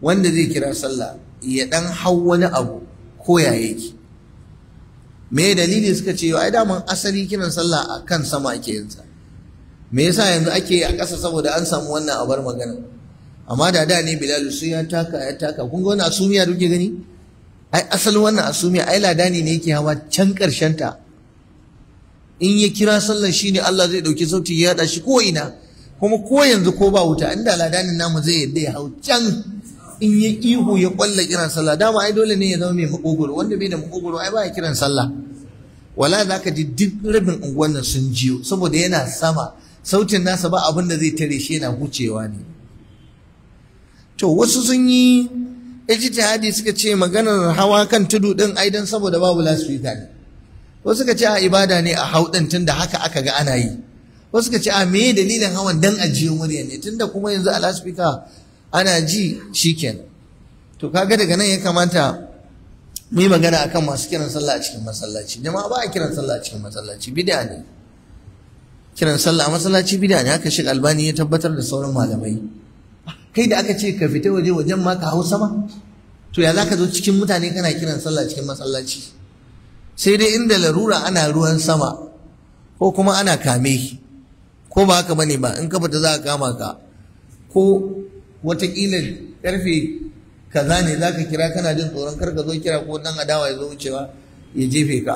wanda zai kira sallah ya dan hau wani abu ko yaya yake me dalili suka ce ai daman asali kiran sallah a kan sama ake yin sa me yasa yanzu ake a ƙasa saboda an samu wannan abar magana amma da da ne Bilal su ya taka ya taka kun ga wannan asumiya da kuke gani ai asalin wannan asumiya ai ladani ne yake hawa can ƙarshen ta in ya kira shi ne Allah zai dauki sauti ya yada shi ko ina kuma ko yanzu ko ba wuta inda ladanin namu zai yadda ya hau can in ya ihu ya kwalla kiran sallah dama ai dole ne ya zama mai makogoro wanda bai da makogoro ai ba ya kiran sallah wala za ka ji rabin unguwan nan sun jiyo saboda yana sama sautin nasa ba abin da zai tare shi yana hucewa ne to wasu sun yi ijtihadi suka ce maganar hawa kan tudu din ai dan saboda babu lasfita ne wasu ka ce a ibada ne a hauɗin tun da haka aka ga ana yi wasu ka ce a me dalilin hawan dan ajiye murya ne tun da kuma yanzu alaspika ana ji shikenan to kaga daga nan ya kamata mu yi magana akan masu kiran sallah a cikin masallaci jama'a ba a kiran sallah a cikin masallaci bid'a ne kiran sallah a masallaci bid'a ne haka shiga Albani ya tabbatar da sauran malamai kai da aka ce ka fita waje wajen ma ka hau sama to ya zaka zo cikin mutane kana kiran sallah cikin masallaci sai dai inda larura ana ruwan sama ko kuma ana kame shi ko ba haka bane ba in ka fita za a kama ka ko watakila karfe kaza ne za ka kira kana jin tsoron kar zo kira ko dan adawa ya zo wucewa ya jefe ka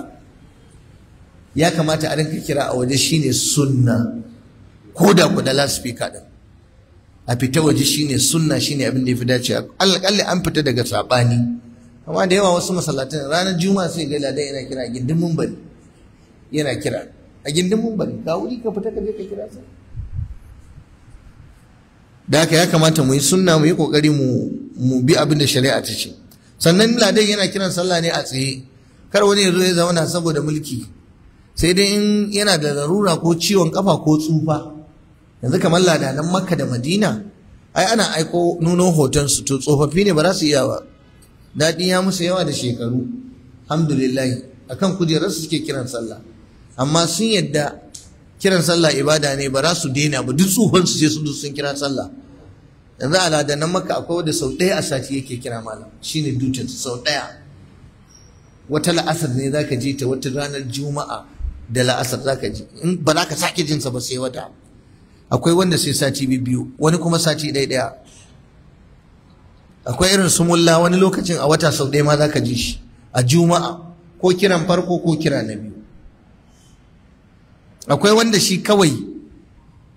ya kamata a rinka kira a waje shine sunna ko da ku da speaker din a fita waje shine sunna shine abin da ya fi dacewa alƙalli an fita daga saɓani amma da yawa wasu masallatan ranar juma'a sai ga ladan yana kira gindin mumbari yana kira a gindin mumbari ka wuri ka fita ka je ka kira sa da haka ya kamata mu yi sunna mu yi kokari mu mu bi abin da shari'a ta ce sannan ladan yana kiran sallah ne a tsaye kar wani ya zo ya zauna saboda mulki sai dai in yana da larura ko ciwon kafa ko tsufa yanzu kamar ladanan makka da madina ai ana aiko nuno hoton su to tsofaffi ne ba za su iya ba daɗi ya musu yawa da shekaru alhamdulillahi akan kujerarsu suke kiran sallah amma sun yadda kiran sallah ibada ne ba za su daina ba duk tsohon su sai su sun kira sallah yanzu na maka akwai wanda sau ɗaya a sati yake kira malam shine dutin sau ɗaya wata la'asar ne za ka je ta wata ranar juma'a da la'asar ka ji in ba za ka sake jinsa ba sai wata akwai wanda sai sati biyu wani kuma sati ɗaya ɗaya akwai irin su mulla wani lokacin a wata sau ɗaya ma za ka ji shi a juma'a ko kiran farko ko kira na biyu akwai wanda shi kawai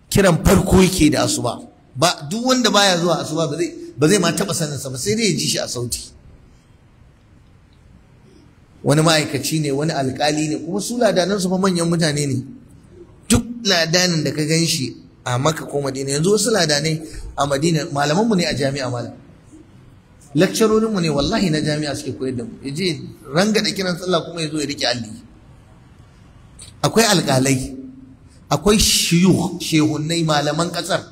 kiran farko yake da asuba ba duk wanda baya zuwa asuba ba zai ba zai ma taɓa saninsa ba sai dai ya ji shi a sauti wani ma'aikaci ne wani alkali ne kuma su ladanan su fa manyan mutane ne duk ladanin da ka gan shi a maka ko madina yanzu wasu ladanai a madina malamanmu ne a jami'a malam lakcarorinmu ne wallahi na jami'a suke koyar da mu ya je ranga da kiran sallah kuma ya zo ya rike alli akwai alƙalai akwai shiyuh shehunnai malaman ƙasar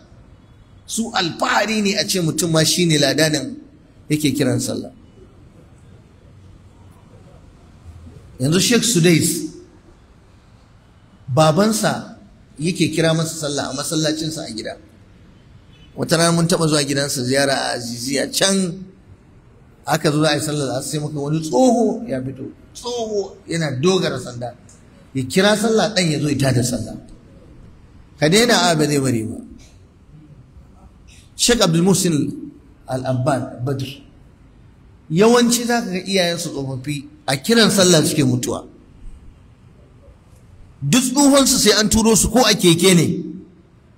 su alfahari ne a ce mutum ma shine ladanin yake kiran sallah yanzu sheikh sudais babansa yake kira masa sallah a masallacinsa a gida wata rana mun taɓa zuwa gidansa ziyara a aziziya can aka zo za a yi sallar asar sai muka wani tsoho ya fito tsoho yana dogara sanda ya kira sallah dan ya zo ita da sallah ka daina a ba zai bari ba Sheikh Abdul musin al Badr yawanci za ka ga iyayensu tsofaffi a kiran sallah suke mutuwa duk tsohonsu sai an turo su ko a keke ne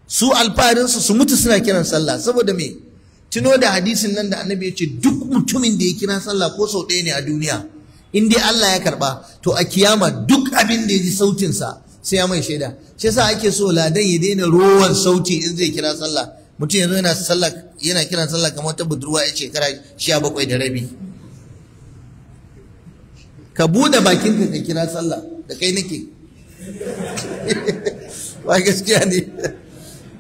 su alfaharinsu su mutu suna kiran sallah saboda me tuno da hadisin nan da annabi ya ce duk mutumin da ya kira sallah ko sau ɗaya ne a duniya in dai Allah ya karɓa to a kiyama duk abin da ya ji sautin sa sai ya mai shaida shi yasa ake so ladan ya daina rowan sauti in zai kira sallah mutum yanzu yana sallah yana kiran sallah kamar ta budurwa ya shekara sha bakwai da rabi ka bude bakinka ka kira sallah da kai nake ba gaskiya ne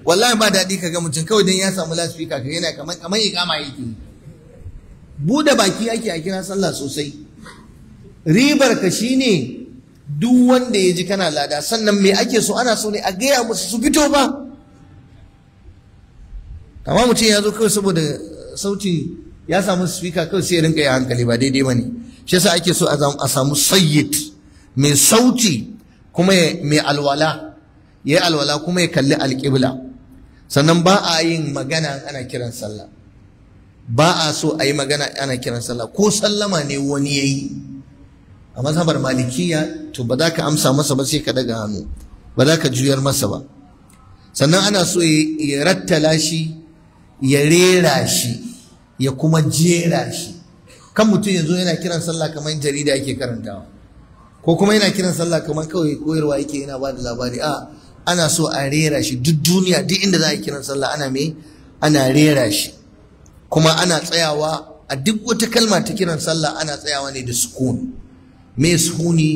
wallahi ba daɗi ka ga mutum kawai don ya samu lasfika ka yana kamar kamar ikama yake buɗe baki ake a kira sallah sosai ribar ka shine duk wanda ya ji kana lada sannan me ake so ana so ne a gaya musu su fito ba Kamar mutum ya zo kawai saboda sauti ya samu speaker kawai sai ya rinka yi hankali ba daidai ba ne shi yasa ake so a samu sayyid mai sauti kuma mai alwala ya yi alwala kuma ya kalli alƙibla sannan ba a yin magana ana kiran sallah ba a so a yi magana ana kiran sallah ko sallama ne wani ya yi a mazhabar malikiya to ba za ka amsa masa ba sai ka daga hannu ba za ka juyar masa ba sannan ana so ya rattala shi ya rera shi ya kuma jera shi kan mutum yanzu yana kiran sallah kamar jarida ake karantawa ko kuma yana kiran sallah kamar kawai koyarwa yake yana ba da labari a ana so a rera shi duk duniya duk inda za a yi kiran sallah ana me ana rera shi kuma ana tsayawa a duk wata kalma ta kiran sallah ana tsayawa ne da sukun me sukuni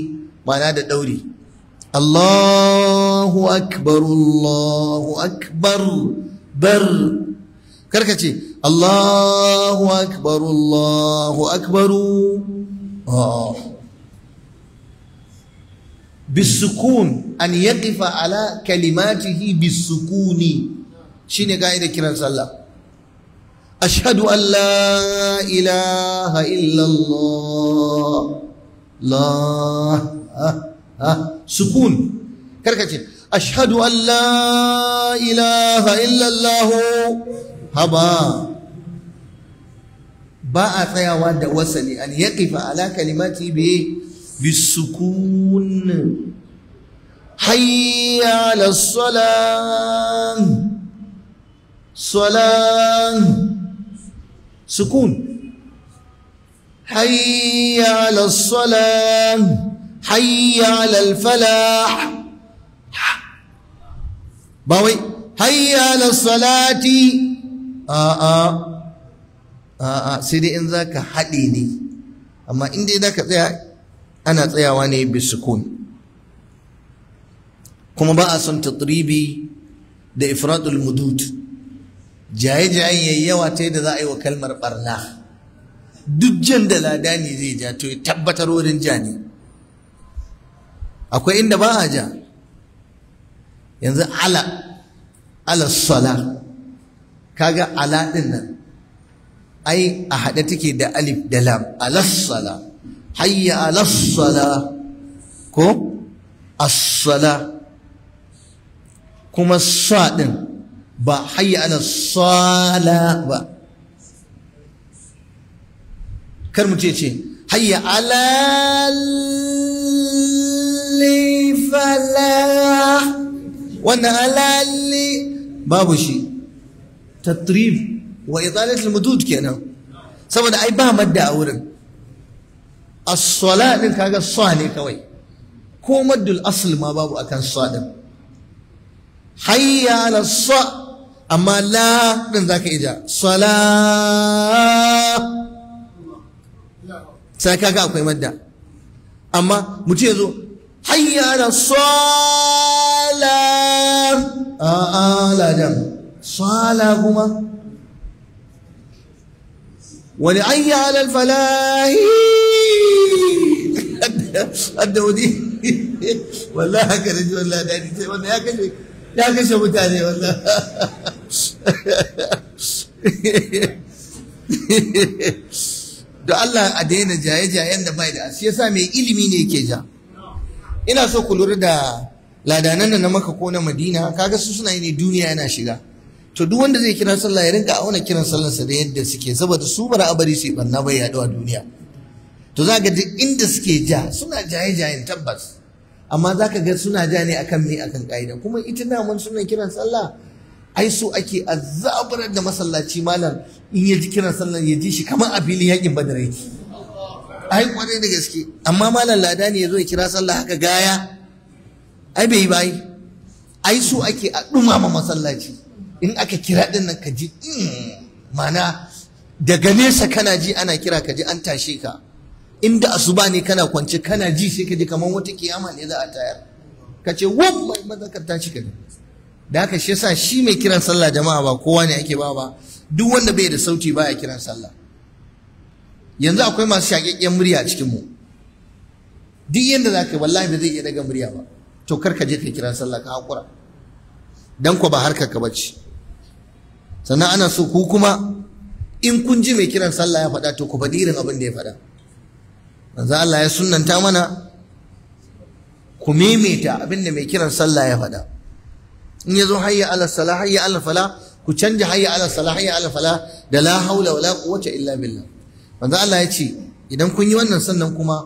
ma'ana da ɗauri Allahu akbar Allahu akbar bar karka ce Allahu akbar Allahu akbaru ah. bisukun an yaqifa ala kalimatihi bisukuni shine da kiran sallah ashhadu an la ilaha illa allah la sukun karkace ashhadu an la ilaha illa haba ba a tsayawa da wasali an yaqifa ala بالسكون حي على الصلاة صلاة سكون حي على الصلاة حي على الفلاح باوي حي على الصلاة آآ آآ آآ سيدي إن ذاك حديني أما إن ذاك ana tsayawa ne bisukun kuma ba a son tatribi da ifradul mudud jaye-jayen yayi yawa ta yadda za a yi wa kalmar barna duk jan da lada ne zai ja to ya tabbatar wurin ja ne akwai inda ba a ja yanzu ala ala sala kaga ala din nan ai a haɗe take da alif da lam ala hayya ala sala ko as-sala kuma sa din ba hayya ala sala ba kar mu ce ce hayya ala falah wannan alalli babu shi tatrib wa idalat al-mudud kenan saboda ai ba madda a wurin as-sala din kaga sa ne kawai ko maddul asl ma babu akan sa din hayya ala sa amma la din zaka ija sala sai kaga akwai madda amma mutum yazo hayya ala sala a a ladan sala kuma wani ayya ala falahi adda wani wallahi haka da ji wallahi daɗi sai wannan ya kashe ya kashe mutane wallahi da Allah a daina jaye-jayen da bai da shi yasa mai ilimi ne yake ja ina so ku lura da ladanan da na maka ko na madina kaga su suna ne duniya yana shiga to duk wanda zai kira sallah ya rinka auna kiran sallarsa da yadda suke saboda su bara abari su barna bai yaɗu duniya to za ga duk inda suke ja suna jaye-jayen tabbas amma za ka ga suna ja ne akan me akan ka'ida kuma ita namun suna kiran sallah ai so ake azabar da masallaci malam in ya ji kiran sallah ya ji shi kamar a filin yakin badar yake ai kwarai da gaske amma malam lada ne ya zo ya kira sallah haka gaya ai bai bai ai so ake a dumama masallaci in aka kira din nan ka ji mana hmm, daga nesa kana ji ana kira ka ji an tashe ka inda asuba ne kana kwance kana ji sai ka ji kamar wata kiyama ne za a tayar ka ce mai mazakar ta ci gani da haka shi yasa shi mai kiran sallah jama'a ba kowa ne ake ba ba duk wanda bai da sauti baya kiran sallah yanzu akwai masu shaƙaƙƙen murya a cikin mu duk yanda za ka wallahi ba zai iya daga murya ba to kar ka je ka kiran sallah ka hakura dan ko ba harkar ka bace sannan ana so ku kuma in kun ji mai kiran sallah ya faɗa to ku faɗi irin abin da ya faɗa manzo Allah ya sunnanta mana ku mimita abinda mai kiran sallah ya faɗa in ya zo hayya ala salah hayya ala fala ku canja hayya ala salah hayya ala fala da la haula wala quwwata illa billah manzo Allah ya ce idan kun yi wannan sannan kuma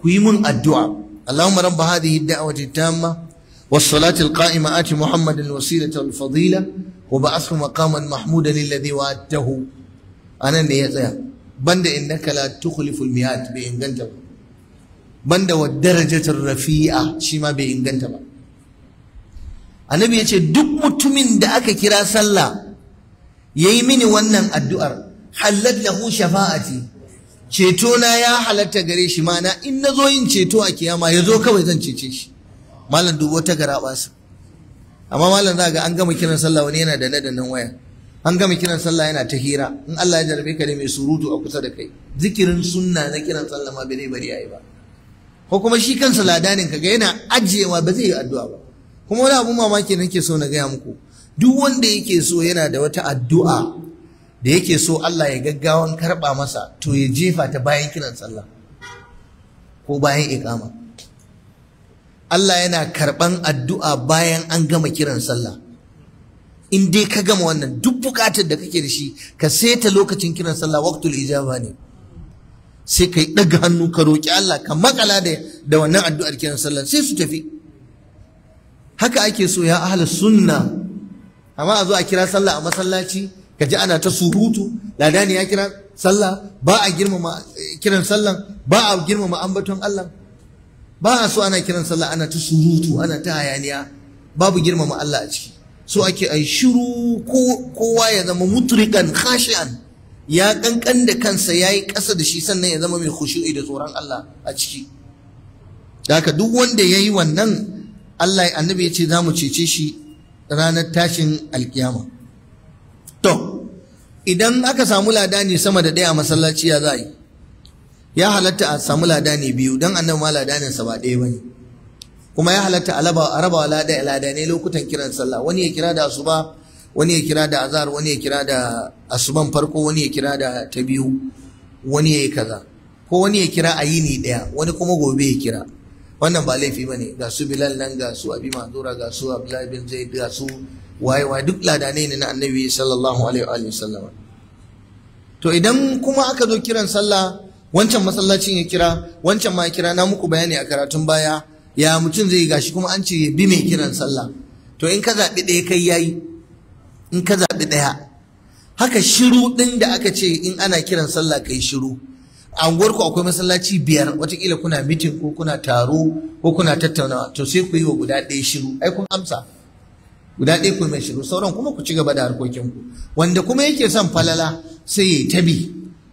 ku yi mun addu'a اللهم رب هذه الدعوة التامة والصلاة القائمة آت محمد الوسيلة والفضيلة وبعثه مقاما محمودا للذي وعدته أنا اللي banda innaka la tukhliful mi'at bai inganta ba banda wa darajatul rafi'a shi ma bai inganta ba annabi yace duk mutumin da aka kira sallah yayi mini wannan addu'ar da lahu shafa'ati ceto na ya halatta gare shi mana in nazo yin ceto a kiyama yazo kawai zan cece shi malam dubo ta gara basu. amma malam za ga an gama kiran sallah wani yana da nadan waya an gama kiran sallah yana ta hira in Allah ya jarabe ka ne mai surutu a kusa da kai zikirin sunna na kiran sallah ma bai bari yayi ba ko kuma shi kansa ladanin ga yana ajiyewa ba zai yi addu'a ba kuma wani abun mamaki nake so na gaya muku duk wanda yake so yana da wata addu'a da yake so Allah ya gaggawan karɓa masa to ya jefa ta bayan kiran sallah ko bayan iqama Allah yana karɓan addu'a bayan an gama kiran sallah in dai ka gama wannan duk bukatar da kake da shi ka saita lokacin kiran sallah waqtul ijaba ne sai kai yi ɗaga hannu ka roƙi Allah ka makala da wannan addu'ar kiran sallah sai su tafi haka ake so ya ahlus sunna amma a zo a kira sallah a masallaci ka ji ana ta surutu ladani ya kira sallah ba a girmama eh, kiran sallah ba a girmama ambaton Allah ba a so ana kiran sallah ana ta surutu ana ta hayaniya babu girmama Allah a ciki so ake ai shiru kowa ya zama muturikan khashi'an ya kankan da kansa ya yi ƙasa da shi sannan ya zama mai khushu'i da tsoron Allah a ciki haka duk wanda ya yi wannan Allah annabi ya ce za mu cece shi ranar tashin alkiyama to idan aka samu lada ne sama da ɗaya a masallaci ya za yi ya halatta a samu lada ne biyu don annabi ma lada sa ba ɗaya ba ne kuma ya halatta a raba lada lada ne lokutan kiran sallah wani ya kira da asuba wani ya kira da Azar, wani ya kira da asuban farko wani ya kira da ta biyu wani ya yi kaza ko wani ya kira a yini daya wani kuma gobe ya kira wannan ba laifi ba ne ga su bilal nan ga su abi manzura ga su abdullahi bin zaid ga su waye waye duk ladanai ne na annabi sallallahu alaihi wa sallam to idan kuma aka zo kiran sallah wancan masallacin ya kira wancan ma ya kira na muku bayani a karatun baya ya mutum zai gashi kuma an ce bi mai kiran sallah to in ka zaɓi ɗaya kai yayi in ka zaɓi ɗaya haka shiru ɗin da aka ce in ana kiran sallah kai shiru a unguwarku akwai masallaci biyar watakila kuna mitin ko kuna taro ko kuna tattaunawa to sai ku yi wa guda ɗaya shiru ai kun amsa guda ɗaya ku mai shiru sauran kuma ku ci gaba da harkokinku wanda kuma yake son falala sai ya yi tabi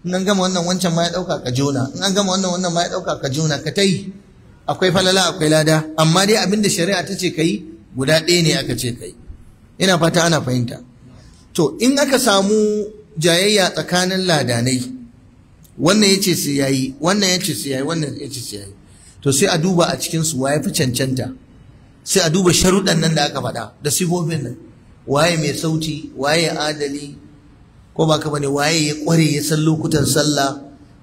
in an gama wannan wancan ma ya ɗauka ka jona in an gama wannan wannan ma ya ɗauka ka jona ka ta yi akwai falala akwai lada amma dai abin da shari'a ta ce kai guda ɗaya ne aka ce kai ina fata ana fahimta to in aka samu jayayya tsakanin ladanai wannan ya ce su yayi wannan ya ce su yayi wannan ya ce su yayi to sai a duba a cikin su waye fi cancanta sai a duba sharuɗan nan da aka faɗa da sifofin nan waye mai sauti waye adali ko ba ka bane waye ya kware ya san lokutan sallah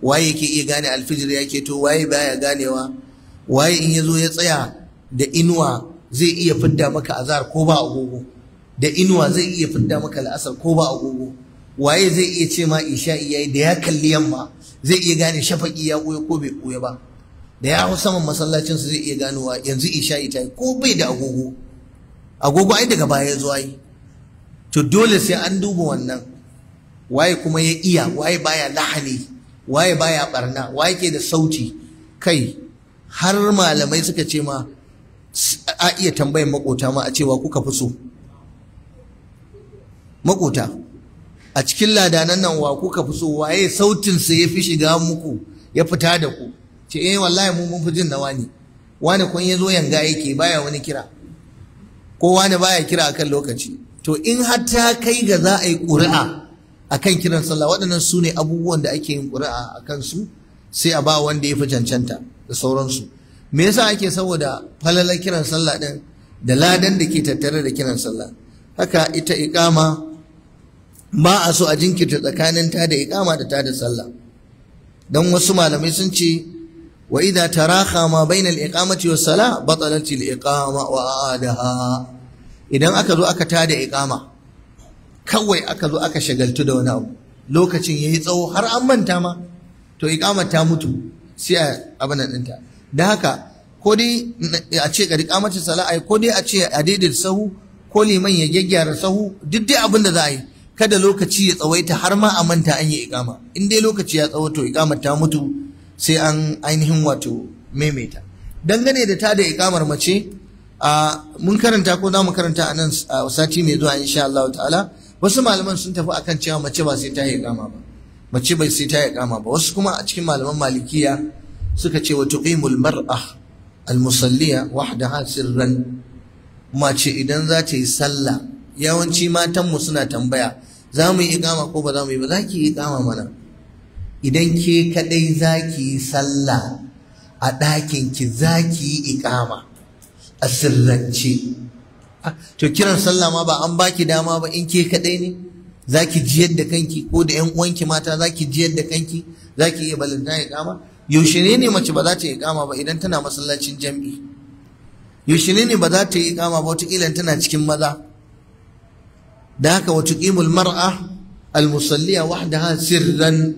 waye yake iya gane alfijir yake to waye baya ganewa waye in yazo ya tsaya da inuwa zai iya fidda maka azar ko ba agogo da inuwa zai iya fidda maka la'asar ko ba agogo waye zai iya ce ma isha'i yi da ya kalli yamma zai iya gane shafaki ya koya ko bai koya ba da ya hau saman masallacin su zai iya ganowa yanzu isha'i ta ko bai da agogo agogo ai daga baya zuwa yi to dole sai an duba wannan waye kuma ya iya waye baya lahani waye baya barna waye ke da sauti kai har malamai suka ce ma a iya tambayin makota ma a cewa kuka fi so makota a cikin ladanan nan wa kuka fi so waye sautin sa ya fi shiga muku ya fita da ku ce eh wallahi mu mun fi jin nawa ne wani kun yazo yanga yake baya wani kira ko wani baya kira akan lokaci to in har ta kai ga za a yi ƙuri'a akan kiran sallah waɗannan sune abubuwan da ake yin ƙuri'a akan su sai a ba wanda ya fi cancanta da sauransu me yasa ake saboda falalar kiran sallah din da ladan da ke tattare da kiran sallah haka ita iqama ba a so a jinkirta tsakanin ta da iqama da ta da sallah dan wasu malamai sun ce wa idza taraha ma bainal iqamati was salah batalat al iqama wa aadaha idan aka zo aka tada iqama kawai aka zo aka shagaltu da wani abu lokacin yayi tsawo har an manta ma to iqama ta mutu sai a abana ɗinta da haka ko dai a ce ga iqamatin sala'a ko dai a ce a daidai sahu ko liman ya gyaggyara sahu duk dai abin da za a yi kada lokaci ya tsawaita har ma a manta an yi ikama. in dai lokaci ya tsawo tsawaito ikama ta mutu sai an ainihin wato maimaita dangane da ta da ikamar mace a mun karanta ko za mu karanta a nan sati mai zuwa insha Allah ta'ala wasu malaman sun tafi akan cewa mace ba sai ta yi ikama ba mace bai sai ta ya kama ba wasu kuma a cikin malaman malikiya suka ce wa tuqimul mar'a al musalliya wahdaha sirran mace idan za ta yi sallah yawanci matan mu suna tambaya za mu yi kama ko ba za mu yi ba za ki yi kama mana idan ke kadai za ki yi sallah a ɗakin ki za ki yi ikama a sirrance ah, to kiran sallah ma ba an baki dama ba in ke kadai ne za ki jiyar da kanki ko da 'yan uwanki mata za ki jiyar da kanki za ki iya balanta ya kama yaushe ne ne mace ba za ta yi kama ba idan tana masallacin jam'i yaushe ne ne ba za ta yi kama ba wataƙila tana cikin maza da haka wata ƙimul mar'a almusalliya wahdaha sirran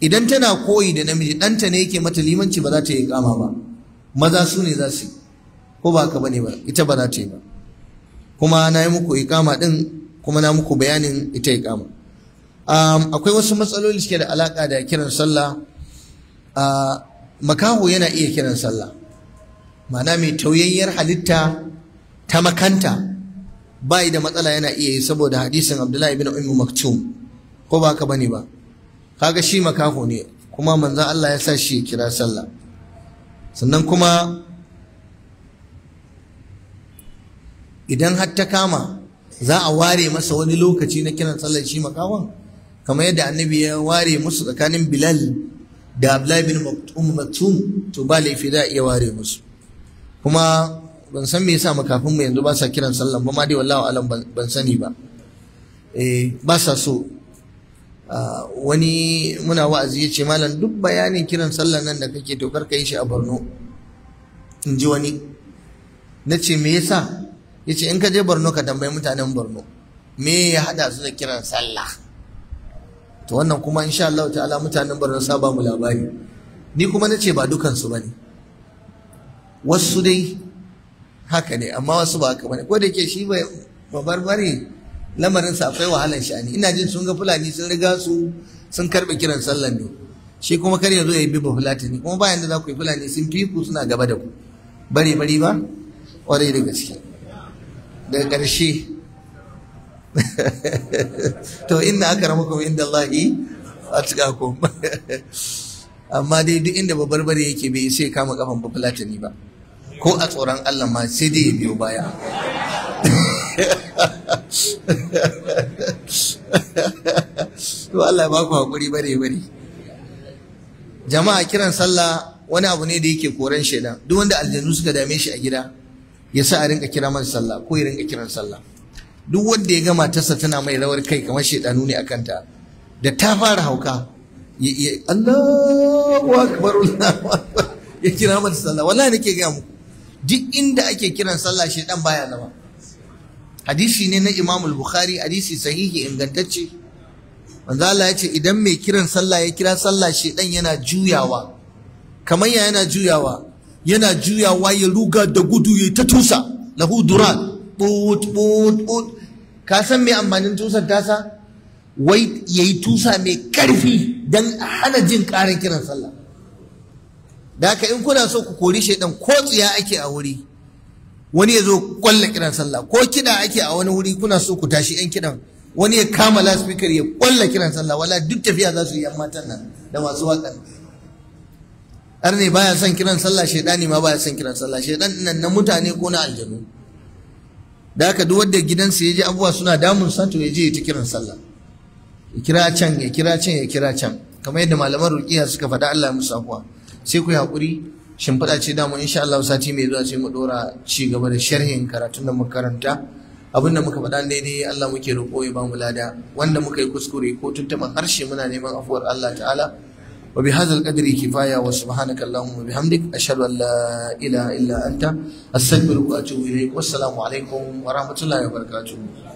idan tana koyi da namiji ɗanta ne yake mata limanci ba za ta yi kama ba maza su ne za su yi ko ba haka ba ne ba ita ba za ta yi ba kuma na yi muku ikama din kuma na muku bayanin ita ikama um, akwai wasu matsaloli suke da alaka da kiran sallah uh, makaho yana iya kiran sallah ma'ana mai tauyayyar halitta ta makanta bai da matsala yana iya yi saboda hadisin Abdullahi bin umu Maktum ko ba ka bane ba kaga shi makaho ne kuma manzon Allah ya sa shi kira sallah sannan kuma idan har ta kama za a ware masa wani lokaci na kiran sallar shi makawan kamar yadda annabi ya ware musu tsakanin bilal da abdullahi bin umm maktum to ba laifi za a iya ware musu kuma ban san me yasa makafin mu yanzu ba sa kiran sallan ba ma dai wallahi alam ban sani ba eh ba sa so ah, wani muna wa'azi ya ce malam duk bayanin kiran sallan nan da kake to kar ka yi shi a Borno in ji wani na ce me yasa ya ce in ka je borno ka tambayi mutanen borno me ya hada su da kiran sallah to wannan kuma insha Allah ta'ala mutanen borno saba mu labari ni kuma na ce ba dukansu ba ne wasu dai haka ne amma wasu ba haka ba ko da ke shi bai babarbare sa akwai wahalar shani. ina jin sun ga fulani sun riga su sun karbe kiran sallan ne shi kuma kar ya zo ya yi biba ne? kuma bayan da za ku yi fulani sun fi ku suna gaba da ku bari bari ba ƙwarai da gaske daga ƙarshe to inna akramakum inda a atqakum amma dai duk inda babarbare yake bai sai kama kafan bafulatani ba ko a tsoron Allah ma sai dai ya biyo baya to Allah ba ku hakuri bare bare jama'a kiran sallah wani abu ne da yake koran shaidan duk wanda aljanu suka dame shi a gida ya sa a rinka kira masa sallah ko ya rinka kiran sallah duk wanda ya ga matarsa tana mai rawar kai kamar shedanu ne akan ta da ta fara hauka ya Allahu akbar Allahu akbar ya kira mata sallah wallahi nake ga muku duk inda ake kiran sallah shedan baya zama hadisi ne na Imam bukhari hadisi sahihi ingantacce manzo Allah ya ce idan mai kiran sallah ya kira sallah shedan yana juyawa kamar ya yana juyawa yana juyawa ya ruga da gudu ya ta tusa lahu duran but ka san me amfanin tusar tasa wai yayi tusa mai karfi dan hana jin karin kiran sallah da haka in kuna so ku kori shaidan ko tsiya ake a wuri wani ya zo kwalla kiran sallah ko kiɗa ake a wani wuri kuna so ku tashi yan kiɗan? wani ya kama loudspeaker ya kwalla kiran sallah wala duk tafiya za su yi yan matan nan da masu waƙan har ne baya son kiran sallah shaidani ma baya son kiran sallah shaidan nan na mutane ko na aljanu da haka duk wanda gidansa ya ji abubuwa suna damun sa to ya je ta kiran sallah ya kira can ya kira can ya kira can kamar yadda malaman ruqiya suka faɗa Allah ya musu afuwa sai ku yi hakuri shimfiɗa ce damu insha Allah sati mai zuwa sai mu dora ci gaba da sharhin karatun da muka karanta abinda muka faɗa dai Allah muke roƙo ya ba mu lada wanda muka yi kuskure ko tuntuma harshe muna neman afuwar Allah ta'ala وبهذا القدر كفاية وسبحانك اللهم وبحمدك أشهد أن لا إله إلا أنت أستغفرك وأتوب إليك والسلام عليكم ورحمة الله وبركاته